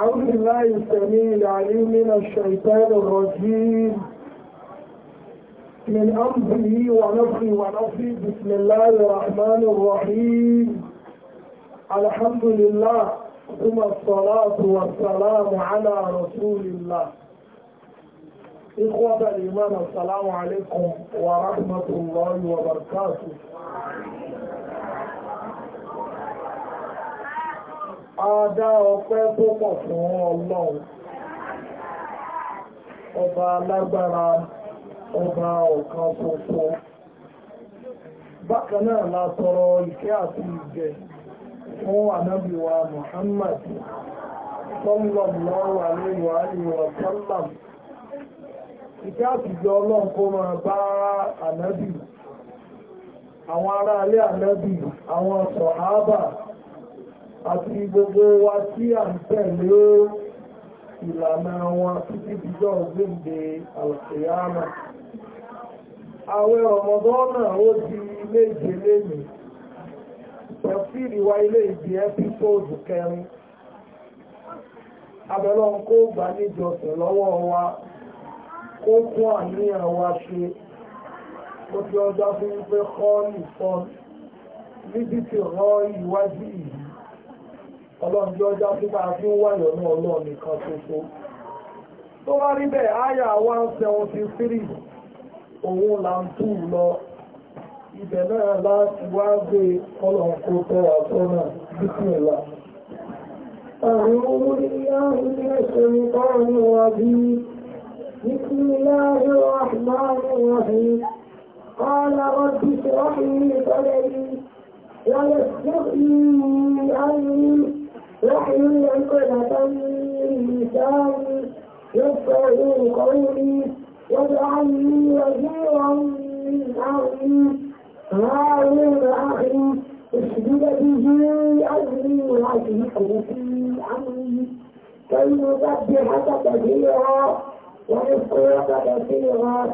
أعوذ بالله السميع العليم من الشيطان الرجيم من أمره ونفخه ونفخه بسم الله الرحمن الرحيم الحمد لله ثم الصلاة والسلام على رسول الله إخوة الإيمان السلام عليكم ورحمة الله وبركاته Adá ọpẹ́ púpọ̀ fún Ọlọ́run. Ọba alágbára, ọba ọ̀kan Bákan náà la tọrọ ìkẹ́ àti ìgẹ̀ fún ànábì wa Muhammad. Sallallahu alayhi wa alihi wa sallam. Ìkẹ́ àtijọ́ Ọlọ́run kó máa bá ànábì. Àwọn ará alẹ́ ànábì, àwọn sọ̀hábà. àti gbogbo wa tí à ń tẹ̀lé ìlànà wọn títí díjọ́ gbèǹde àlùkìyàmà àwẹ̀ ọmọdọ́nà ó di ilé ìgbé lẹ́nu tẹ̀síìrì wa ilé ìgbé ẹ́písòdù kẹrin abẹ́lọ́ kó gbà níjọsìn lọ́wọ́ wa kó kún àníyàn wa ṣe ó ti ọjọ́ fún wípé kọ́ nìkan níbi tí rán ìwájú yìí ọlọ́run jọ já sí bá a fi ń wáyọ̀ ní ọlọ́run nìkan ṣoṣo tó wá rí bẹ́ẹ̀ àyà one seventy three òun là ń tù lọ ibẹ̀ náà láti wá gbé ọlọ́run kó tọ́ àtọ́nà bísíǹlá. أعوذ بالله من الشيطان الرجيم بسم الله الرحمن الرحيم قال رب اشرح لي صدري ويسر لي أمري يحيي أمنة من لساني يفقهوا قولي واجعلني وزيرا من أهلي هارون أخي اشدد به أجري وأشركه في أمري كي نسبحك كثيرا ونذكرك كثيرا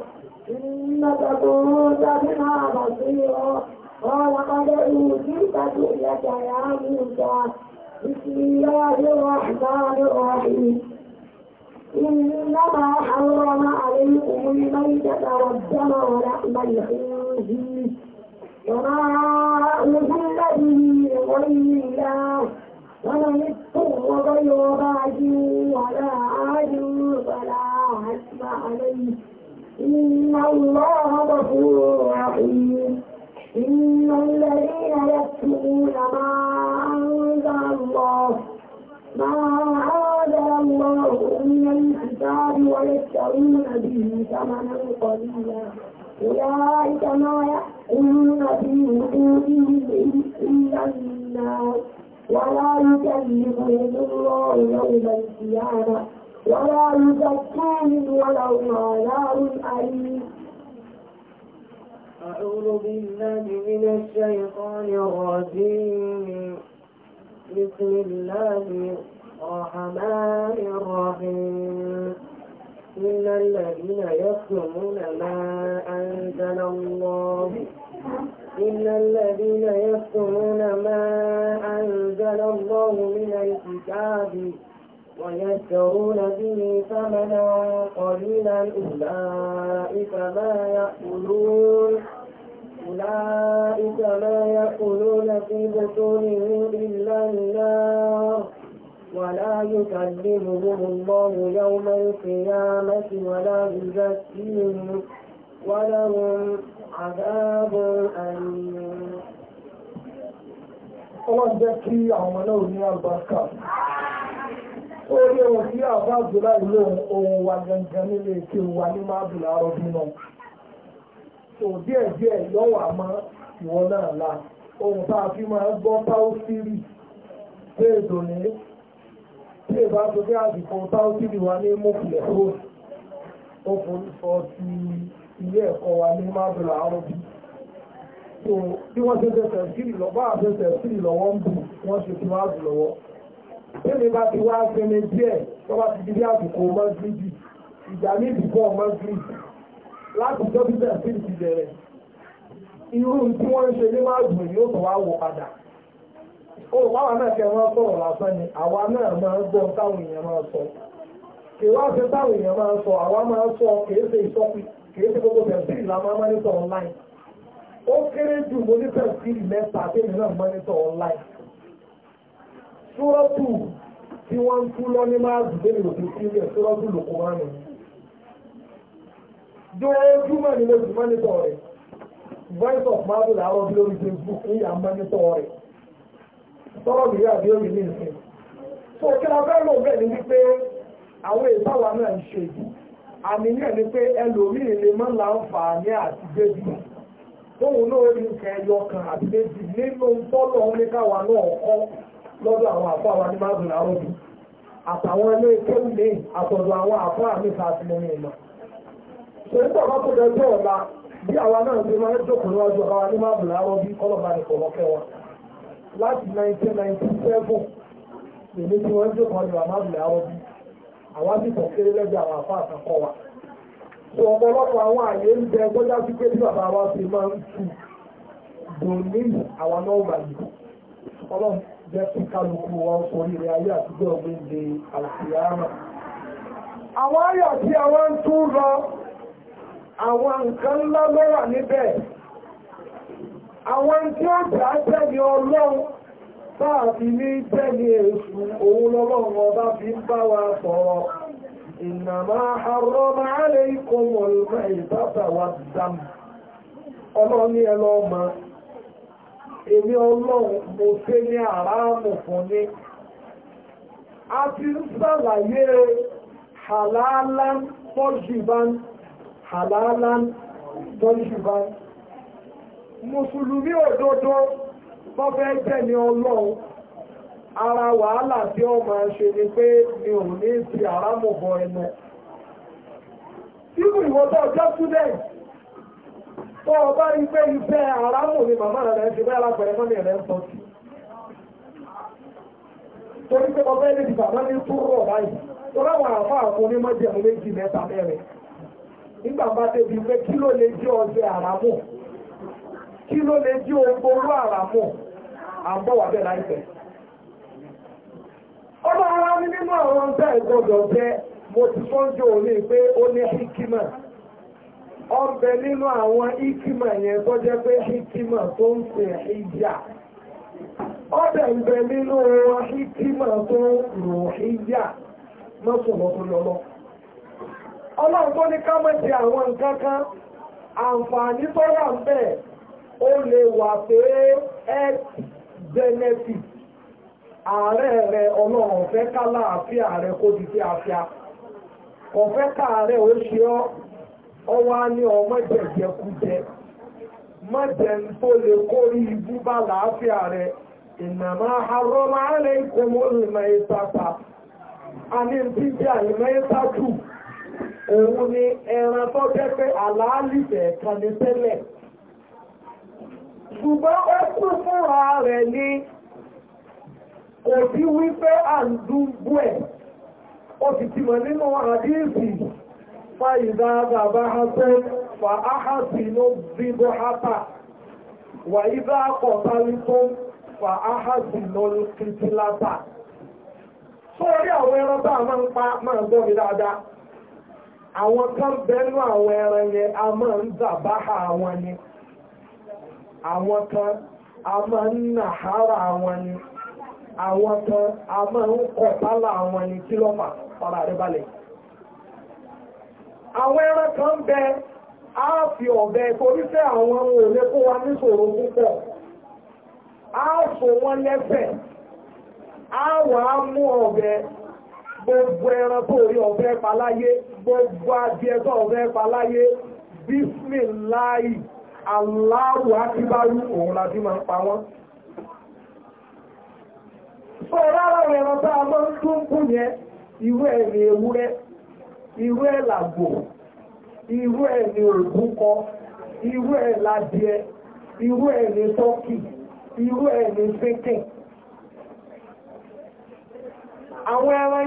إنك كنت بنا بصيرا قال قد أوتيت سؤلك يا موسى بسم الله الرحمن الرحيم إنما حرم عليكم الميتة والدم ولحم الخنزير وما أهل به لغير الله ومن اضطر غير باج ولا عاد فلا إثم عليه إن الله غفور رحيم إن الذين يكتبون ما النار ويشترون به ثمنا قليلا أولئك ما يأكلون في بطونهم إلا النار ولا يكلمهم الله يوم القيامة ولا يزكيهم ولهم عذاب أليم أعوذ بالله من الشيطان الرجيم بسم الله الرحمن الرحيم إن الذين يكتمون ما أنزل الله إن الذين يكتمون ما أنزل الله من الكتاب ويشترون به ثمنا قليلا أولئك ما يأكلون أولئك ما يأكلون في بطونهم إلا النار ولا يكلمهم الله يوم القيامة ولا يزكيهم ولهم عذاب أليم Ọlọ́run jẹ́ kí àwọn ọmọ náà ní àbáṣà. Ó rí ohun tí àbá àbúlá ìlú ohun wa gangan nílé kí n wà ní máa bùlá ọdún náà. Tò díẹ̀ díẹ̀ yọ́wà mọ́ ìwọ náà la. Ohun tá a fi máa gbọ́ táwọ́ sírì. Bẹ́ẹ̀ dòní ilé ìbá tó bí àdìkan táwọ́sílì wa ní mọ́kùnlẹ̀ fún ọkùnrísọ ti ilé ẹ̀kọ́ wa ní mábìlà àrọ́bí bí wọ́n ṣe tẹ̀sẹ̀ sílì lọ́wọ́ àfẹsẹ̀ sílì lọ́wọ́ ń bù wọ́n ṣe ti máàbù lọ́wọ́ tẹ́lẹ̀ bá ti wá sẹ́ni díẹ̀ tọ́ba ti di bí àdìkò mọ́sílì ìjà ní ìdìbò mọ́sílì láti tọ́bí tẹ̀sílì ti bẹ̀rẹ̀ irú tí wọ́n ń ṣe ní máàbù yóò tọ́ wá wọ padà olùpáwà táwọn èèyàn máa sọ kì máa sọ àwa máa sọ kìí ṣe ìsọpì kìí ṣe gbogbo tẹ̀síì la ó kéré jù mo ní tẹ̀síì mẹ́ta tẹ́mi náà mọ́nítọ̀ online súrọ́tù tí wọ́n ń lọ ní máa dùgbé ní òkú sílẹ̀ súrọ́tù lòkó máa nù dójúmọ̀ of marvel tọrọ ìyá àbí n'isi so kí la fẹ́ wípé àwọn ìsáwà náà ń ṣe àmì ní ẹni pé ẹlòmíì lè má láǹfààní àti bébì tóun náà ẹyọ kan àti bébì nínú tọ́lọ̀ ń lé káwa náà lọ́dọ̀ àwọn àwọn àtàwọn ní àtọ̀dọ̀ àwọn àfọ àmì so nígbà bá tó dẹjọ́ ọ̀la bí àwa náà ti máa ń jókòó níwájú láti 1997 èmi tí wọ́n jókòó ní ramadu àwọn àwọn àbíkọ̀ kéré lẹ́gbẹ̀ẹ́ àwọn àfa àkàkọ́ wa sọ ọ̀pọ̀lọpọ̀ àwọn àyè ń bẹ gbọ́dá sí pé bàbá wa fi máa ń tu dòní àwọn náà wà yìí ọlọ́run jẹ́ kí kálukú wọn sórí rẹ̀ ayé àtijọ́ gbéǹde àlùfíàmà àwọn àyà tí àwọn ń tún lọ àwọn nǹkan ńlá lọ́wà níbẹ̀ àwọn tí ó jà tẹ́lẹ̀ ọlọ́run sáàfi ní tẹ́lẹ̀ èṣù òun lọ́lọ́run ọba fi ń bá wa sọ̀rọ̀ ìnàmá harọ́mà alẹ́ ikọ̀ mọ̀lúmọ̀ ìbátà wa dámù ọlọ́run ní ẹlọ́ ọmọ èmi ọlọ́run mo ṣe ní àráàmù fún ní a ti ń sàlàyé halalan tọ́jìbán halalan mùsùlùmí òdodo bọ́fẹ́ jẹ́ ní ọlọ́run ara wàhálà tí ọ máa ṣe ni pé mi ò ní ti àrámọ̀bọ ẹnu irú ìwọ́tọ̀ ọjọ́ student tó o bá rí pé iṣẹ́ àrámọ̀ ni màmá rẹ̀ mọ́ni rẹ̀ ń sí torí pé ọbẹ̀ bàbá ní túrọ̀ báyìí tó méjì mẹ́ta mẹ́rin nígbà bá kí ló lè jí ogbó orú àràmù àbọ̀wàbẹ̀ láìpẹ́. ọba ara ní nínú àwọn ọ̀tá ìgbọ́dọ̀ jẹ́ mo ti fọ́njú òní pé ó ní hikima ọbẹ̀ nínú àwọn hikima yẹn tó jẹ́ pé hikima tó ń pè ìjà ọbẹ̀ ń hikima tó ń rò ìjà ọlọ́run tó ní ká àwọn nǹkan kan àǹfààní ó lè wà pé health benefit ààrẹ rẹ ọlọ́run fẹ́ ká rẹ kó di sí afíà ọ̀fẹ́ káàárẹ̀ ó ṣe ọ́ ọwọ́ á ọmọ jẹ̀jẹ̀kújẹ mọ́jẹ̀ tó lè kórí ibú bá làáfíà rẹ̀ ìnàmá arọ́mọ alẹ́ ìkọmọ ìmọ̀ ìtàkù òun ni tó jẹ́ pé àlàálì ṣùgbọ́n ó kú fúnra rẹ̀ ní kò wípé àdúgbò ẹ̀ ó ti ti mọ̀ nínú àdíìsì fa ìdáadà bá hasẹ́ fa áhàsì ló bíbọ́ hápà wà ìdá fa aha ló kìtì látà sórí àwọn ẹran tá a máa ń pa máa gbọ́ mi dáadáa àwọn kan bẹ́nu àwọn ẹran yẹn a máa ń dàbáhà àwọn yẹn àwọn kan a máa ń nà hárà wọn ni àwọn kan a máa ń kọ̀ pálá wọn ni kí lọ́pàá ọ̀rọ̀ àríbalẹ̀ àwọn ẹran kan bẹ a fi ọ̀bẹ torí fẹ́ àwọn ohun òlé kó wa níṣòro púpọ̀ a fò wọ́n lẹ́fẹ̀ẹ́ a wà á mú ọ̀bẹ gbogbo ẹran tó rí ọ̀bẹ paláyé gbogbo adìẹ tó ọ̀bẹ paláyé bísmìláì aláwọ̀ akíbárú òun la fi máa ń pa wọ́n fún rárá ẹran bá a máa tún kú yẹ, ìwé ẹ̀ ewúrẹ́ irú ẹ̀ làgbò irú ẹ̀ ní òbúkọ irú ẹ̀ tọ́kì àwọn ẹran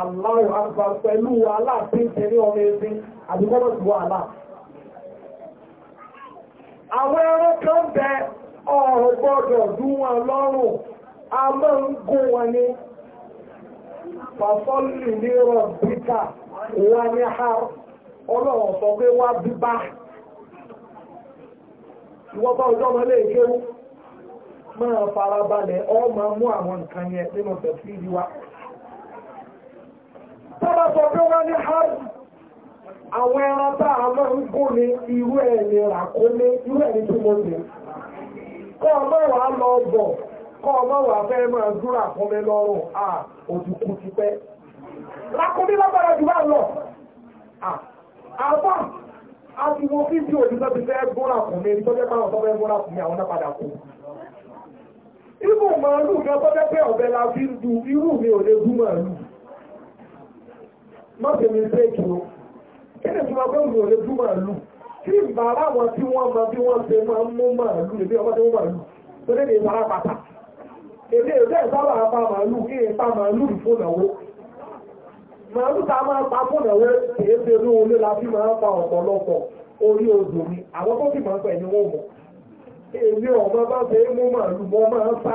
aláwọ̀ àgbà pẹ̀lú aláàfin tẹ̀lé ọmọ ẹbí àdúgbọ́dọ̀ ti wà aláà. Àwọn ẹran kan bẹ ọ̀rọ̀ gbọ́dọ̀ dún wọn lọ́rùn, a máa ń gún wọn ní pàfọ́lì ní rọ̀bíkà wà ní ha ọlọ́run sọ pé wá bíbá. Ìwọ́n bá ọjọ́ ọmọ ilé ìkéwú máa farabalẹ̀ ọ máa mú àwọn nǹkan yẹn nínú tẹ̀síìdì wa tọ́bá sọ pé wọ́n ní hajj àwọn ẹran tá a máa ń gún ní irú ẹni ràkúnmí irú ẹni tí mo dé kọ́ ọmọ wà lọ bọ̀ kọ́ ọmọ wà fẹ́ máa dúró àkúnmí lọ́rùn à òdùkú ti pẹ́ ràkúnmí lágbára jù bá lọ àbá àti wo fídíò ìdíjọ́ ti fẹ́ gún ràkúnmí ní tọ́jẹ́ bá wọn tọ́ fẹ́ gún ràkúnmí àwọn náà padà kú irú màálù gan pé ọ̀bẹ la fi ń du irú mi ò lè gún màálù má ṣe mi ṣe kí o kí ni tí wọ́n fẹ́ mi ò lè dún màálù tí ìbára wọn tí wọ́n máa bí wọ́n ṣe máa ń mú màálù lè bí ọmọ tó ń màálù tó lè lè fara pàtà èdè ìdẹ́ ìsábà pa màálù kí n pa màálù ìfúnàwó màálù tá a máa pa fúnàwó kìí ṣe ní olé la fi máa ń pa ọ̀pọ̀lọpọ̀ orí odò mi àwọn tó sì máa ń pẹ̀ ní wọ́n mọ̀ èmi ọ̀mọ é mú màálù mọ́ máa ń sá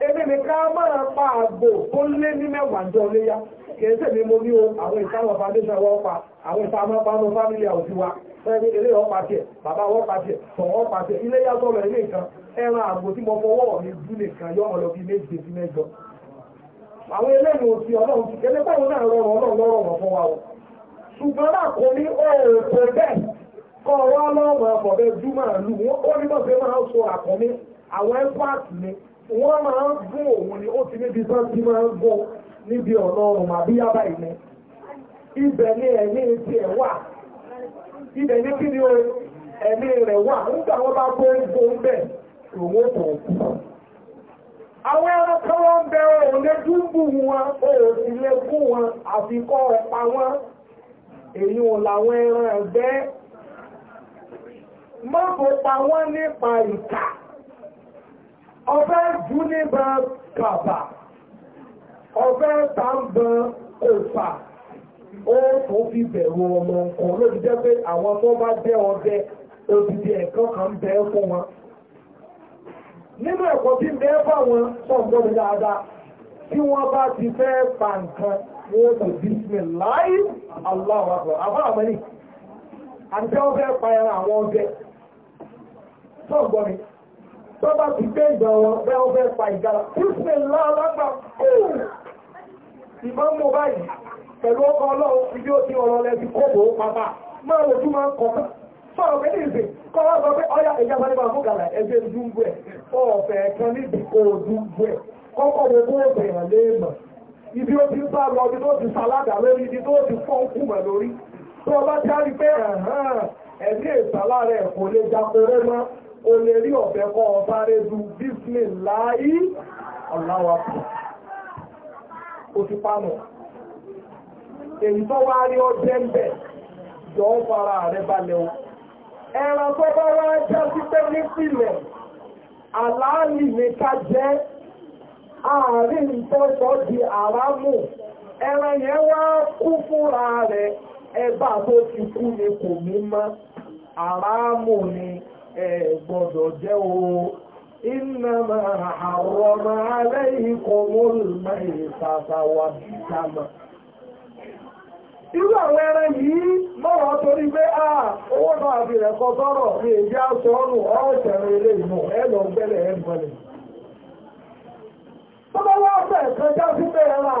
Eme nìkan máa pa àgbò tó lé ní mẹ́wàá jọ léyá kìí sì ni mo ní o àwọn ìsáwọn foundation wọ́n pa àwọn ìsáwọn pàmò family wa fẹ́ẹ̀mí ọ̀pá tiẹ̀ bàbá wọ́n pa tiẹ̀ pa tiẹ̀ ilé ilé nǹkan ẹran àgbò tí mo fọwọ́ mi dú nìkan yọ ọ̀lọ́ bíi méje sí mẹ́jọ àwọn eléyìí òsì ọlọ́run ti kéde pẹ́wọ́n náà rọrùn ọlọ́run lọ́rọ̀ wa wọ́n máa ń gún òun ni ó ti níbi tán ti máa ń gún níbi ọ̀nà ọ̀rùn àbí yábà ìní ibẹ̀ ni ẹ̀mí ti ẹ̀ wà ibẹ̀ kí ni ẹ̀mí rẹ̀ wà nígbà wọ́n bá gbó ń bẹ̀ òun àwọn ẹranko wọn bẹ òun lé wọn sì gún wọn àfikọ́ ọ̀pá ọbẹ̀ jù níbà kàbà ọbẹ̀ tàbí òfà ó tó fi bẹ̀rù ọmọ nǹkan ló ti jẹ́ pé àwọn tó bá jẹ́ ọdẹ odidi ẹ̀kọ́ kan bẹ́ fún wọn nínú ẹ̀kọ́ tí bẹ́ fáwọn sọ̀gbọ́n mi dáadáa tí wọ́n bá ti fẹ́ pa nǹkan wọ́n tó bismillah Allahu akbar àbá àmọ́ ni àti tí pa ẹran àwọn ọdẹ sọ̀gbọ́n mi tó bá ti gbé ìjà bẹ́ ó fẹ́ pa ìgbàlá púpẹ̀ lálágbà ìbọn báyìí pẹ̀lú ọkọ̀ ọlọ́run fi bí ó ti ọ̀rọ̀ lẹ́bi kóbò pàpà máa lójú máa ń kọ̀ọ̀kan sọ̀rọ̀ pé ní ìsìn kọ́ wá sọ pé ọyá ìjà bá ní máa gàlà ẹgbẹ́ ọ̀fẹ́ ibi ó ti bá lọ ibi tó ti sàládà lórí ibi tó ti mọ̀ lórí tó pé ẹ̀mí ìsàlá o lè rí ọ̀fẹ́ kọ́ ọba rẹ̀dù bísmì láì ọ̀láwàpù o ti pánù èyí tó wá rí ọjẹ́ ń bẹ̀ jọ ń fara rẹ̀ balẹ̀ o ẹran tó bá wá jẹ́ sí pé nípìnlẹ̀ àlàálì ní ká jẹ́ àárín ìtọ́sọ́ di àrámù ẹran yẹn wá kú fúnra rẹ̀ ẹbá tó ti kú ni kò ní mọ́ àrámù ni. ẹ gbọ́dọ̀ jẹ́ o إنما حرم عليكم الميتة والدم irú àwọn ẹran yìí mọ́rọ̀ torí pé à owó náà àfi rẹ̀ kọ ní èdè aṣọ ọ̀nù ọ̀ṣẹ̀rẹ̀ ilé ìmọ̀ ẹ̀lọ gbẹ́lẹ̀ ẹ̀gbọ́lẹ̀ tó bá wá fẹ́ já sí pé ẹran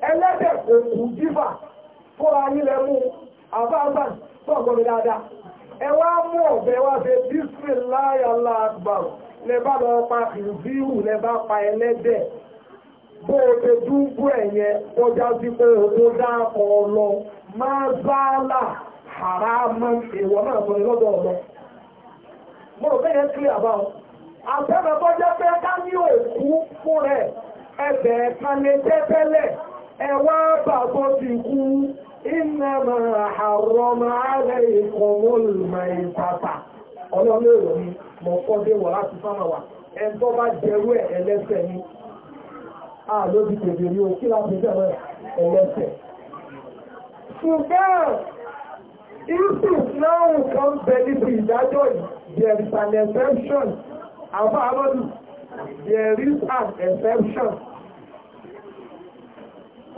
ẹlẹ́dẹ̀ oku kù jífà fúnra nílẹ̀ mú àbábà tó dáadáa ẹ mú ọ̀bẹ wá ṣe bísí láyàlá àgbàrò lẹ lọ pa ìbíhù pa ẹlẹ́dẹ̀ bó o ṣe dúgbò ẹ̀yẹ kọjá sí pé ọlọ máa záàlà haramu ìwọ náà ọlọ mo rò pé ká ní òkú fún rẹ̀ kan ẹwà bàbọ́ ti kú iná máa àrọ̀ máa rẹ̀ ikọ̀ mọ́lùmọ̀ ìpàtà ọlọ́lọ́ èrò ni mọ̀ kọ́dé wọ̀ láti fáwọn wà ẹ̀ńtọ́ bá jẹ́rú ẹ̀ ẹlẹ́sẹ̀ ni a ló ti pèdè ní o kí láti jẹ́rú ẹlẹ́sẹ̀ ṣùgbọ́n ìsù náà kan bẹ níbi ìdájọ́ there is an exception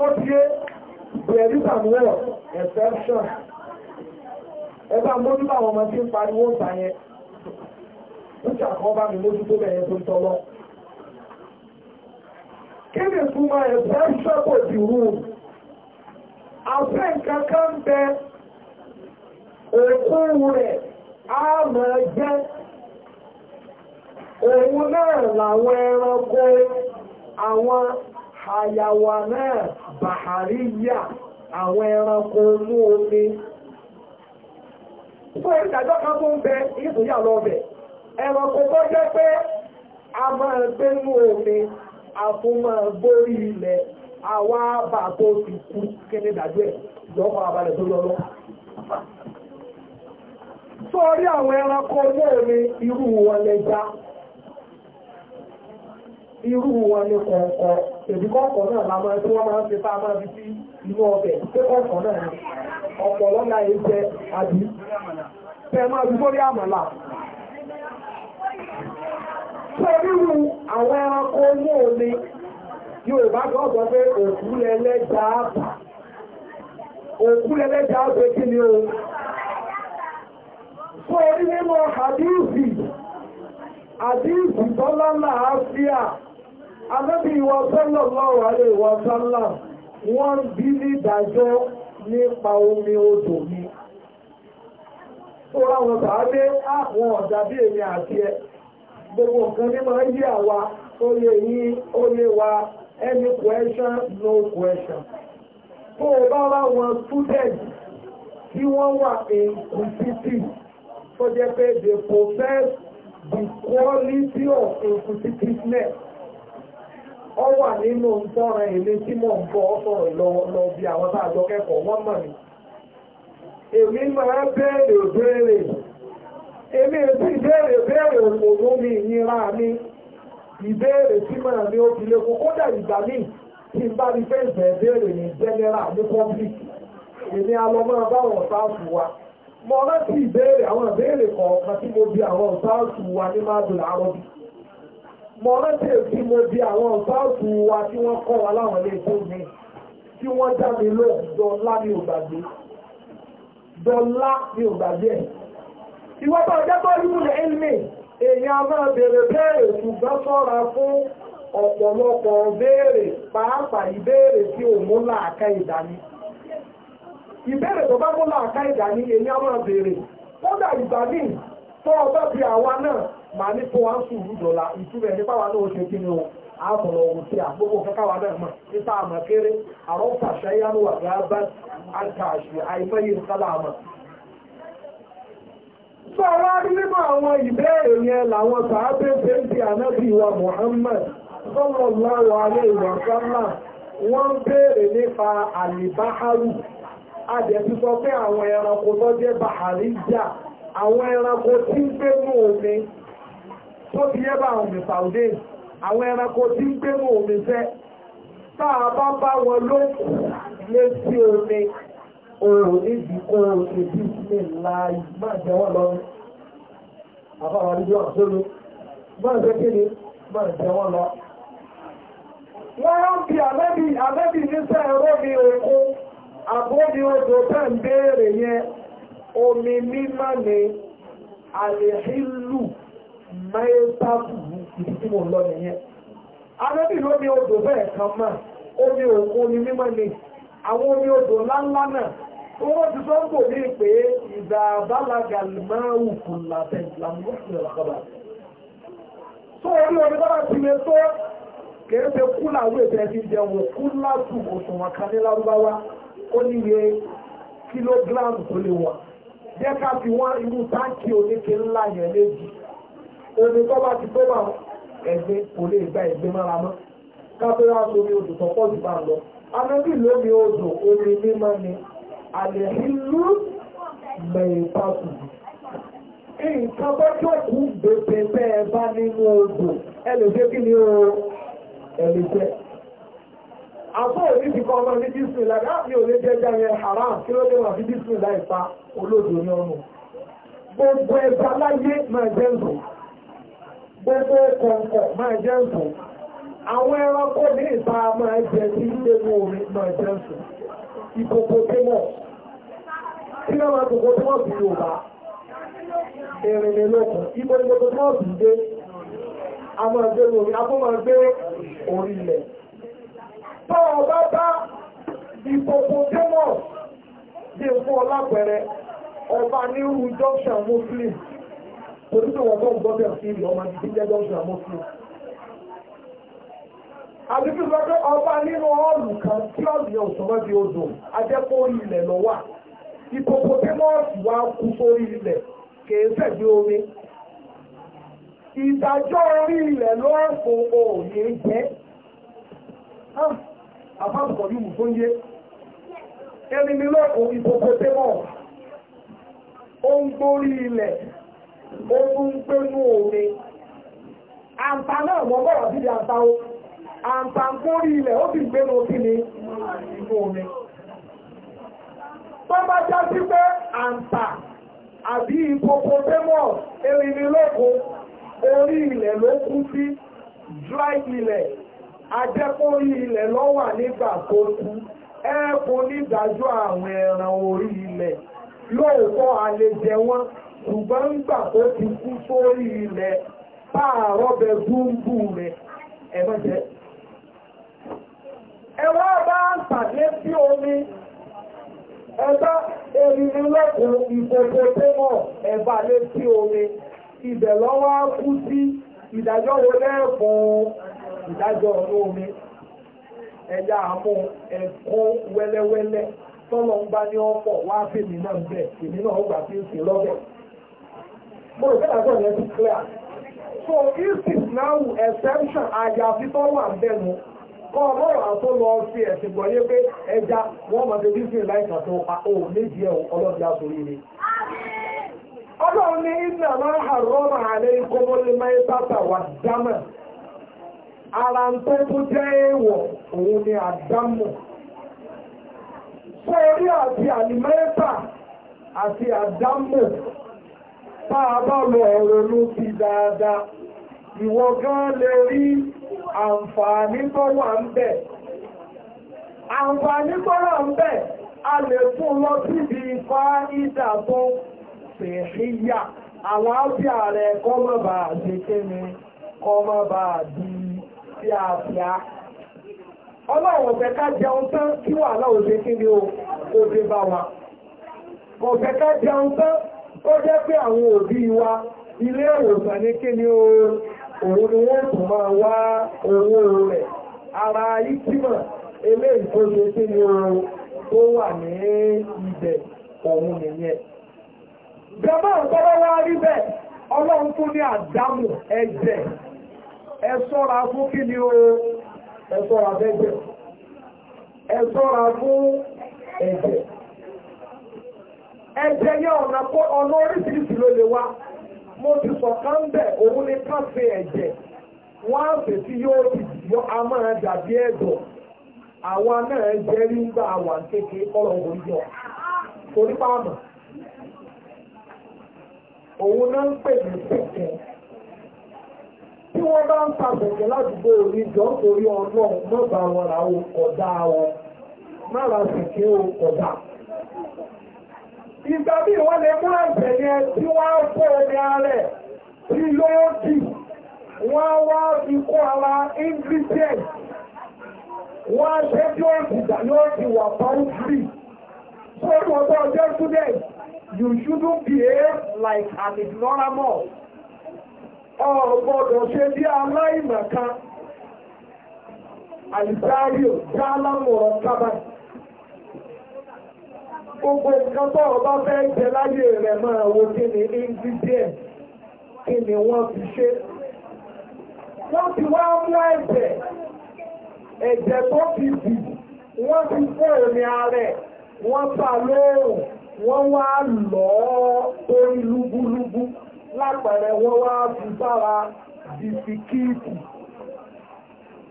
tó bụ bẹ̀rẹ̀ ìsàmúwọ̀ exception ẹgbà mójúbà àwọn ọmọ tí pariwo yẹn bá mi lójú tó bẹ̀rẹ̀ tó ń tọ́lọ́ kí ni ìtumọ̀ exception kò sí rúùn àfẹ́ nǹkan kan bẹ òkú rẹ̀ á máa jẹ́ òun naa náà ya àwọn ẹranko inú omi fún ìdájọ́ kan tó ń bẹ ìtòyà lọ́bẹ̀ ẹranko tó jẹ́ pé a máa gbé inú omi a tún ilẹ̀ àwa bá tó ti kú kí ní ìdájọ́ ẹ̀ abalẹ̀ tó lọ́lọ́ irú wọn ní kọ̀ọ̀kọ̀ náà la máa tí wọ́n máa ń fi máa fi sí inú ọbẹ̀ kọ̀ọ̀kọ̀ náà ni ọ̀pọ̀ lọ́la yìí jẹ àbí tẹ máa fi sórí àmàlà. Ṣé ríru àwọn ẹranko omi pé o. Ànábì ìwà sọ́lọ̀ lọ́wọ́ àrẹ ìwà sọ́lá, wọ́n bí ní ìdájọ́ nípa omi odò mi. Ó ráwọn tàbí àwọn ọ̀dàbí èmi àti ẹ. Gbogbo nǹkan ní máa yí àwa, ó lè yí, ó lè wa, any question, no question. Tó o bá ráwọn student tí wọ́n wà in inquisitive, tó jẹ́ pé they possess the quality of inquisitiveness. ọ wà nínú ntọ́ran èmi tí mò ń bọ́ sọ̀rọ̀ lọ bí àwọn tá a jọ kẹ́kọ̀ọ́ wọ́n mọ̀ èmi máa béèrè béèrè èmi èsì ìbéèrè béèrè òmùmú mi mi tí màá ní ó fi kódà ìgbà tí n bá ní general ní public èmi wa mo rántí àwọn kọ̀ọ̀kan tí mo bi mo rántí èsì mo di àwọn báàsù wa tí wọ́n kọ́ wa láwọn ilé tó mi tí wọ́n dá mi lóhùn dọ́lá mi ò gbàgbé dọ́lá mi ò gbàgbé ẹ̀. ìwọ́pọ̀ ọjọ́ tó rí ilẹ̀ ilmi èèyàn máa béèrè béèrè ṣùgbọ́n sọ́ra fún ọ̀pọ̀lọpọ̀ béèrè pàápàá ìbéèrè tí ò mú làákà ìdání. ìbéèrè tó bá mú làákà ìdání èèyàn máa béèrè kódà ìgbà míì tó ọba bí àwa náà màá ní kó wá ń sùúrù dọ̀la ìtumẹ̀ nípa wa náà ṣe kí ni o àbọ̀rọ̀ ohun tí àgbógbò kẹ́kàwà náà mọ̀ nípa àmà kéré àwọn fàṣà yánú wà gáàbá àkàṣì àìmọye ìsálà àmà. sọ wá rí nínú àwọn ìbéèrè yẹn làwọn sàábé fèǹtì ànábì Muhammad sallallahu alaihi wa sallam wọ́n ń béèrè nípa àlìbáhárù adẹ̀bí sọ pé àwọn ẹranko tó jẹ́ bàhárí jà àwọn ẹranko tí ń gbénú omi tó ti yẹ́ bá àwọn mẹ́fà òde àwọn ẹranko tí ń gbé mọ́ omi fẹ́ táà bá bá wọn ló lé sí omi oòrùn níbi oòrùn ìdí ilé láàyè máa jẹ wọ́n lọ àbáwọn níbi ọ̀rọ̀ tó ló máa jẹ́ kí ni máa jẹ wọ́n lọ. wọ́n rán bí àbẹ́bí àbẹ́bí níṣẹ́ ẹ̀rọ mi òkun àbómi odò tẹ́ ń béèrè yẹn omi mímọ́ ni àlèhílù máyẹ́sáàbù ibi tí mo lọ nìyẹn arábì ló ní odò bẹ́ẹ̀ kan mọ́ omi òkun ni mímọ́ ni àwọn omi odò ńláńlá náà owó ti sọ ń bò ní pé ìdá bálaga máàwù kù làbẹ́ làmúlòsùn ìlàkọ́bà tó orí omi bá ti lè tó kèé ṣe kúlà wé ìfẹ́ ti jẹun kúlà tù òṣùwọ̀n kan ní lárúbáwá ó níye kílógíráàmù tó lè wọ̀n jẹ́ ká fi wọ́n irú táǹkì omi tó bá ti tó bá ẹgbẹ́ kò lè gba ẹgbẹ́ mára mọ́ kápẹ́rẹ́ aṣomi odò tó pọ̀ jù bá lọ anábì lómi odò omi mímọ́ ni àlẹ́ ìlú mẹ́rin pàtó nǹkan bá jọ́kù bèbè bẹ́ẹ̀ bá nínú odò ẹlẹ́gbẹ́ kí ni o ẹlẹ́gbẹ́ àpò òní ti kọ́ ọmọ ní bísílá láti òní jẹjẹ yẹn haram kí ló dé wà sí bísílá ìpa olódò ní ọrùn gbogbo ẹgbẹ́ aláyé máa jẹ́ ń sùn gbogbo kọ̀ǹkọ̀ máa jẹ́ ǹsùn àwọn ẹranko ní ìta máa jẹ sí nínú omi máa jẹ́ ǹsùn ìkòkò tí mọ̀ tí wọ́n máa kòkò tí wọ́n fi Yorùbá ìrìnlélọ́kùn ibo ni gbogbo tí wọ́n fi dé a máa gbé orí a kó máa gbé orí ilẹ̀ tó o bá bá ìkòkò tí mọ̀ bí fún ọ ọba ní rú junction Muslim torí pé wọ́n tó ń gbọ́ bẹ̀rẹ̀ sí ìlú ọmọ ìdí jẹ́jọ́ àdúgbò sọ pé ọba nínú ọ́ọ̀lù kan tí di odò ajẹ́pọ̀ ilẹ̀ lọ wa kú sórí ilẹ̀ kèé omi ìdájọ́ orí ilẹ̀ jẹ́ àbábùkọ̀ ó tún omi àǹfà náà mọ́ bọ́rọ̀ sí àǹfà o àǹfà ń kó rí ilẹ̀ ó sì gbénú omi ni inú omi tó bá já sí pé àǹfà àbí hippopotamus erinilóko orí ilẹ̀ ló kú sí dry ilẹ̀ ajẹ́kórí ilẹ̀ ló wà nígbà tó kú ẹ̀ẹ́kùn nídájọ́ àwọn ẹran orí ilẹ̀ lóòótọ́ àlejẹ wọn ṣùgbọ́n ń gbà tó ti kú sórí ilẹ̀ páàrọ̀ bẹ gúngbù rẹ̀ ẹ̀mọ́jẹ́ ẹwà bá ń pàdé sí omi ẹgbá erinrin lọ́kùn tó mọ̀ ẹ̀bà lé sí omi ibẹ̀ lọ́wọ́ kú sí ìdájọ́ ìdájọ́ omi ẹ̀yà àmú wẹ́lẹ́wẹ́lẹ́ ń bá ní ọ̀pọ̀ mo rò pé àgbọ̀ ti clear so insist now exception àyàfi tó wà bẹ́nu kọ́ ọlọ́run àtó lọ sí ẹ̀sìn gbọ́ yé pé ẹja wọ́n mọ̀ débi sí láìka tó pa ó méjì ẹ̀ ọlọ́dún àtòrí ni. ọlọ́run ní ìdí àmà àrọ́mà àlẹ́ ìkọ́mọ́lé máa ń bàtà wà dámà ara ń tó tó jẹ́ èèwọ̀ òun ni àdámù sọ orí àti àlìmẹ́ta àti táa bá lọ ọ̀rọ̀ ló fi dáadáa ìwọ gan lè rí àǹfààní tó wà ń bẹ̀ àǹfààní tó wà ń bẹ̀ a lè fún lọ síbi ifá ìdà tó fèèyà àwọn ábí ààrẹ kọ́ mọ́ bá àti kéne kọ́ mọ́ bá àti fíàfíà ọlọ́run ọ̀fẹ́ ká jẹun tán kí wà láòṣe kí ni ó dé bá wa ọ̀fẹ́ ká jẹun tán ó jẹ́ pé àwọn òbí wa ilé ìwòsàn ní kí ni òun ni wọ́n tún máa wá owó rẹ̀ ara ìtìmọ̀ eléyìí tó ṣe ni tó wà ní ibẹ̀ òun nìyẹn. Jọba ọlọ́run ni o ẹ ṣọ́ra fẹ́jẹ̀ fún ẹ̀jẹ̀. ẹ̀jẹ̀ yẹn ọ̀nà kó ọ̀nà oríṣiríṣi ló lè wá mo ti sọ káńbẹ̀ òun ni káfíń ẹ̀jẹ̀ wọ́n á fè sí yóò ti yọ a máa dàbí ẹ̀dọ̀ àwa náà jẹ́ rí ń gbà wà kékeré kọ́lọ̀ òun yọ torí pàmò òun náà ń pè ní tí bá ń ta ládùúgbò jọ ìgbà bí wọ́n lè mú ẹ̀sẹ̀ ní ẹ tí wọ́n á fọ́ ẹni ààrẹ tí yóò dì wọ́n wá fi kó ara ingredient wọ́n á ṣe tí ó dìgbà yóò ti wà pàrúfì sórí ọjọ́ ọjọ́ student you shouldn't behave like an ignoramus ọ̀gbọ́dọ̀ ṣe bí aláìmọ̀kan àìsáyò dálámọ̀ ọ̀kábàtì gbogbo nǹkan tó ọba fẹ́ jẹ láyé rẹ̀ máa wo kí ni ingredient kí ni wọ́n fi ṣe wọ́n ti wá mú ẹ̀jẹ̀ ẹ̀jẹ̀ tó fi bì wọ́n ti fún òní ààrẹ wọ́n bá lóòrùn wọ́n wá lọ́ torí lúbúlúbú lápẹẹrẹ wọ́n wá fi sára bisikíìtì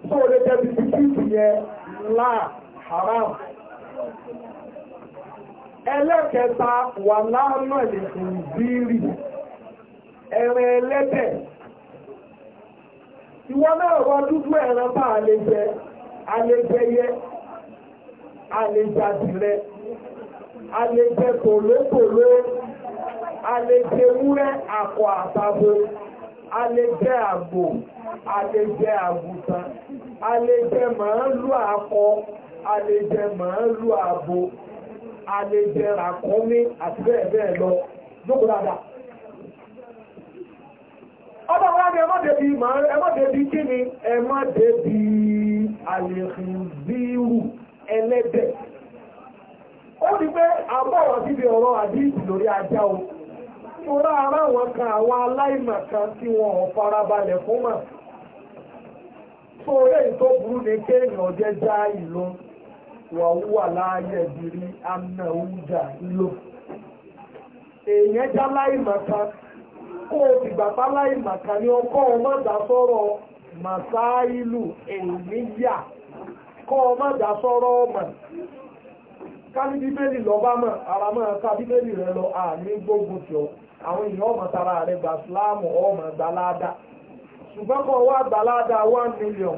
tó lè jẹ bisikíìtì yẹn láà haram ẹlẹ́kẹta wà láàrín ẹ̀lẹ́sìn bírì ẹ̀rẹ̀ ẹlẹ́tẹ̀ ìwọ́n náà rọ dúdú ẹ̀rẹ̀ bá àlejẹ àlejẹyẹ àlejàdìrẹ àlejẹ tòlótòló àlejẹ ewúrẹ́ àkọ àtàbò àlejẹ àgbò àlejẹ àgùntàn àlejẹ màálù akọ àlejẹ màálù abo a lè jẹrà kọ́ àti bẹ́ẹ̀ lọ lókò dáadáa ọdọ̀ wọ́n ni ẹmọ́dẹ̀bí ẹmọ́dẹ̀bí kí ni ẹmọ́dẹ̀bí àlèkùnzíwù ẹlẹ́dẹ̀ ó ní pé àbọ̀wọ̀ síbi ọ̀rọ̀ àdíjì lórí ajá o múra ara wọn kan àwọn aláìmọ̀ kan tí wọn ò farabalẹ̀ fún mà tó rẹ̀ tó burú ni kéèyàn jẹ́ já ìlú wàhúwà láàyè ìdírí àmà oúnjẹ lò èèyàn já láìmọ̀kan kó o fìgbà pa láìmọ̀kan ni ọkọ ọmọ dá sọ̀rọ̀ màsáìlù èèyàn kọ́ ọmọ dá sọ̀rọ̀ ọmọ ká bíbélì lọ́ba mọ̀ ara máa ká bíbélì rẹ lọ àní gbógun tí ó àwọn èèyàn ọmọ tara rẹ gbà síláàmù ọmọ gbàládà ṣùgbọ́n kọ́ wá gbàládà one million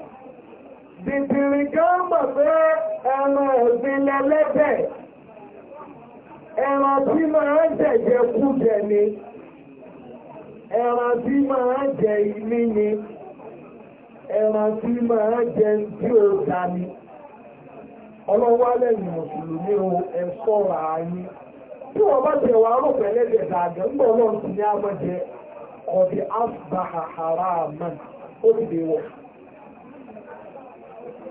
bìbìrì kan mọ̀ pé ẹran ọ̀gbìn lẹ́lẹ́bẹ̀ ẹran tí máa ń jẹ̀jẹ̀ kú jẹ ni ẹran tí máa ń jẹ ilé ni ẹran tí máa ń jẹ tí ó ta ni ọlọ́wálẹ̀ ìmọ̀sùlùmí o ẹ̀ṣọ́ ààyè tí wọ́n bá wàá rò dàgẹ̀ ń bọ̀ ti ní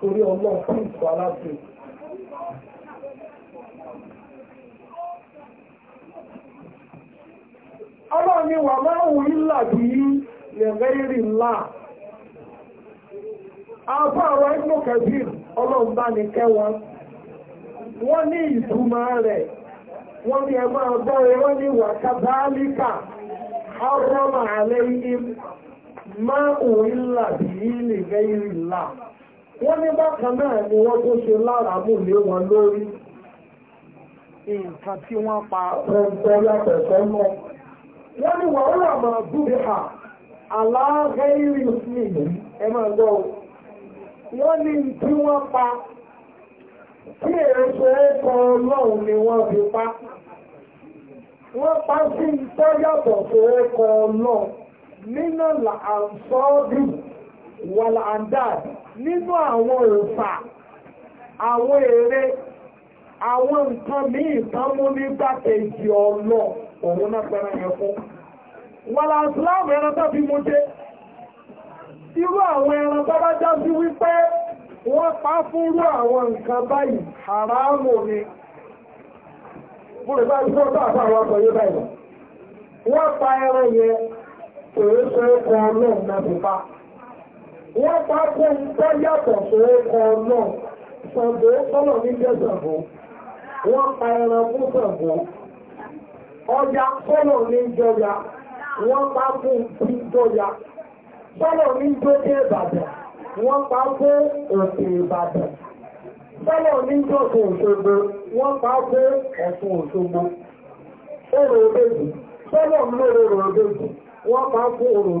torí ọlọ́run fún ìfọ̀ aláṣẹ. ọlọ́run ni wà máa wù nílà bí i ńlá àbá àwọn ẹgbẹ́ kẹfì ọlọ́run bá ní kẹwọn wọ́n ní ìtumọ̀ rẹ̀ wọ́n ni ẹgbẹ́ wọ́n ní wà wọ́n ní bákan náà ni wọ́n tó ṣe láràmù lé wọn lórí nǹkan tí wọ́n pa pẹ̀lú àpẹ̀sẹ̀ mọ́ wọ́n ní wàhálà máa dúdú hà aláàgẹ́rì ìsìn ẹ máa gbọ́ wọ́n ní tí wọ́n pa tí èso ẹ̀kọ́ ọlọ́run ni wọ́n fi pa wọ́n pa sí ìtọ́yàtọ̀ tó ẹ̀kọ́ ọlọ́run nínú àǹsọ́ọ́dún wàlàndàd nínú àwọn òòfà àwọn ère àwọn nǹkan míì tán mú ní gbàkejì ọlọ òun náà pẹ̀rẹ̀ yẹn fún wàlàndàd ẹran tó fi mú jẹ irú àwọn ẹran tó bá já sí wípé wọ́n pa fúrú àwọn nǹkan báyìí haramu ni fúrùbá tí wọ́n bá àwọn ọkọ̀ yóò báyìí wọ́n pa ẹran yẹn kò ń sọ ẹkùn ọlọ́run náà wọ́n bá kó ń bá yàtọ̀ náà Ṣàngó tọ́nà ní jẹ́sàbó wọ́n pa ẹran fún Ṣàngó Ọya tọ́nà ní wọ́n pa fún ti jọya ní Ìbàdàn wọ́n pa fún òkè Ìbàdàn ní wọ́n pa fún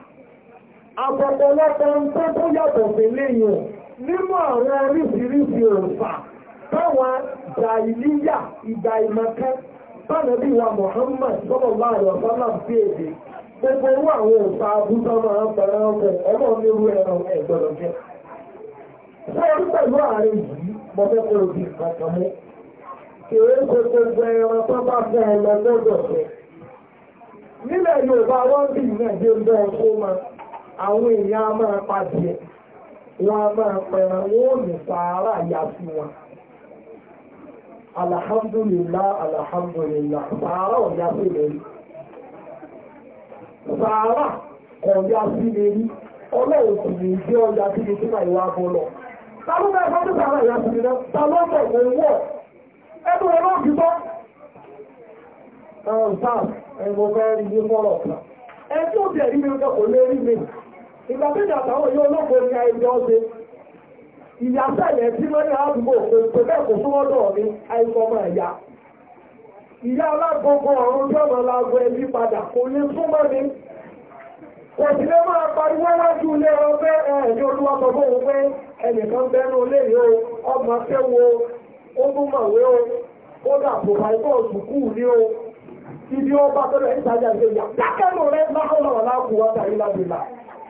àpọ̀pọ̀lọpọ̀ nke tó tó yàtọ̀ sí léyìn nínú àwọn oríṣiríṣi òǹfà táwọn jàìlíyà ìgbà ìmọ̀kẹ́ bánàbí wa Muhammad sọ́bọ̀ bá rọ̀ sí gbogbo owó àwọn òǹfà abúzọ́ máa ń fẹ́rẹ́ ọ̀fẹ́ jẹ́ pẹ̀lú ààrẹ yìí ṣe gbogbo ẹran tó bá fẹ́ ẹ lọ lọ́dọ̀ nílẹ̀ Yorùbá wọ́n bí ìrìnàjò ń máa àwọn èèyàn a máa pa jẹ, wọn a máa pẹ̀rẹ̀ wọn ò ní ara yà sí wọn alhamdulillah alhamdulillah sàárà ò ọ sí lè rí sàárà kò yà sí lè rí ọlọ́run kò ní ọjà sí bọ́ lọ. ta ló ya tó sàárà ta wọ̀ ẹ̀rọ sáà ẹ̀rọ rí ìgbà péjì àtàwọn yóò lóko ní àìjọ ọ̀sẹ̀ ìyàsẹ̀lẹ̀ tí wọ́n ní àdúgbò pé bẹ́ẹ̀ kò súnmọ́ ní ẹ̀yà ìyá tí ọ̀nà lágbo ẹbí padà kò lè súnmọ́ mi kò máa pariwo ilé wọn pé ẹ̀yìn pé ẹnìkan o ọmọ o o ibi ọba tó lọ ìtajà ìgbéyà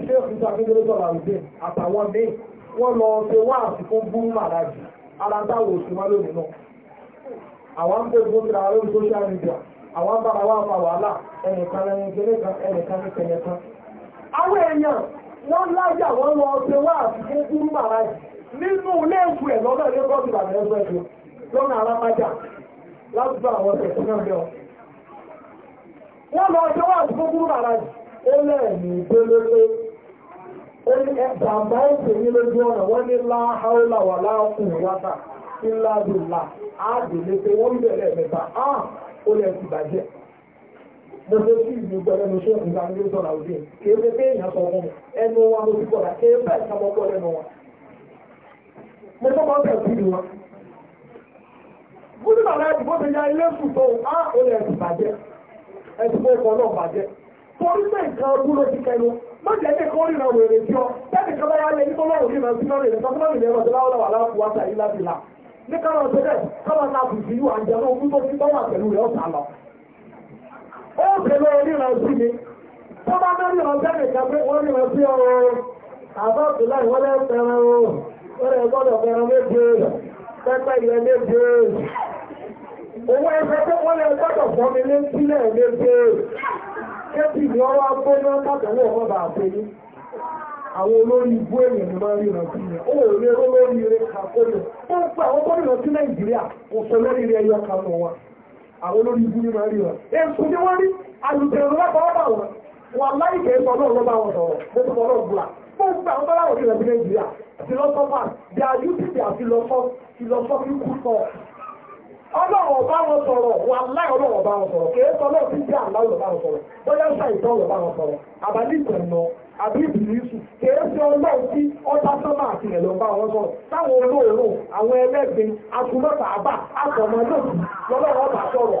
ṣé òfìsà akékeré sọ̀rọ̀ àwùjẹ́ àtàwọn míì wọ́n lọ ṣe wá àsìkò búrú lónìí náà àwọn ń fún lórí social media àwọn ń bára wàhálà ẹnìkan ẹnìkan àwọn èèyàn lọ ṣe wá àsìkò búrú nínú ilé ìwé ẹ̀ ilé ìbàdàn ó ní bàbá òkè ní lójú ọ̀nà wọ́n ní láháúlà wà láàkùn wáta ńláàdùnlá áàdùnlé wọ́n bẹ̀rẹ̀ mẹ́ta ó ti bàjẹ́ mo ṣe sí ìlú gbẹ̀rẹ̀ mo ṣe ìgbà ní lójú ọ̀nà òde ebe pé èèyàn sọ fún ẹnu wa mo ti kọ̀ọ̀dà kí bá mọ́ wọn mo tó máa ń bẹ̀rẹ̀ sí wọn ya ilé sùn tó ó má jẹ́ kí kọ́ ríran wèrè sí ọ tẹ́lẹ̀ kan láyá lẹ́yìn tó lọ́rùn ríran sí lọ́rùn ìrẹsọ́ fúnlọ́rùn ìrẹsọ́ tó láwọ́ lọ́wọ́ aláàfù wá sàyí láti là ní káwọn ṣe bẹ́ẹ̀ káwọn náà bù sí yóò àjẹ́ lóhun tó ti tọ́wà pẹ̀lú rẹ̀ ọ̀sà lọ. ó bẹ̀rẹ̀ ríran sí mi tó bá bẹ́ ríran sẹ́lẹ̀ kan pé wọ́n ríran sí ọ àbá tùlá ìwọ́n lẹ́ kẹ́pì ní ọwọ́ agbóná kàtàlẹ́ ọmọ bàá pé ní àwọn olórí ibú èèyàn ni máa ríran sí ni ó lè olórí ire ó ń pa àwọn gómìnà sí nàìjíríà lórí ire ẹyọ kan nù wọn àwọn olórí ibú ni máa ríran ni wọ́n rí ọ̀bà wọn wọn náà lọ́ba wọn sọ̀rọ̀ mo ọlọ́run ọba wọn sọ̀rọ̀ wà láì ọlọ́run ọba wọn sọ̀rọ̀ kìí sọ lọ́ọ̀ títí àná ọlọ́ba wọn sọ̀rọ̀ bóyá ṣàìsọ ọlọ́ba wọn sọ̀rọ̀ àbálí ìtẹ̀nà àbí ìbìlísù kìí sọ ọlọ́run tí ọjà sọ́mà àti ẹ̀lọ́ wọn sọ̀rọ̀ táwọn olóòórùn àwọn àbá ọba sọ̀rọ̀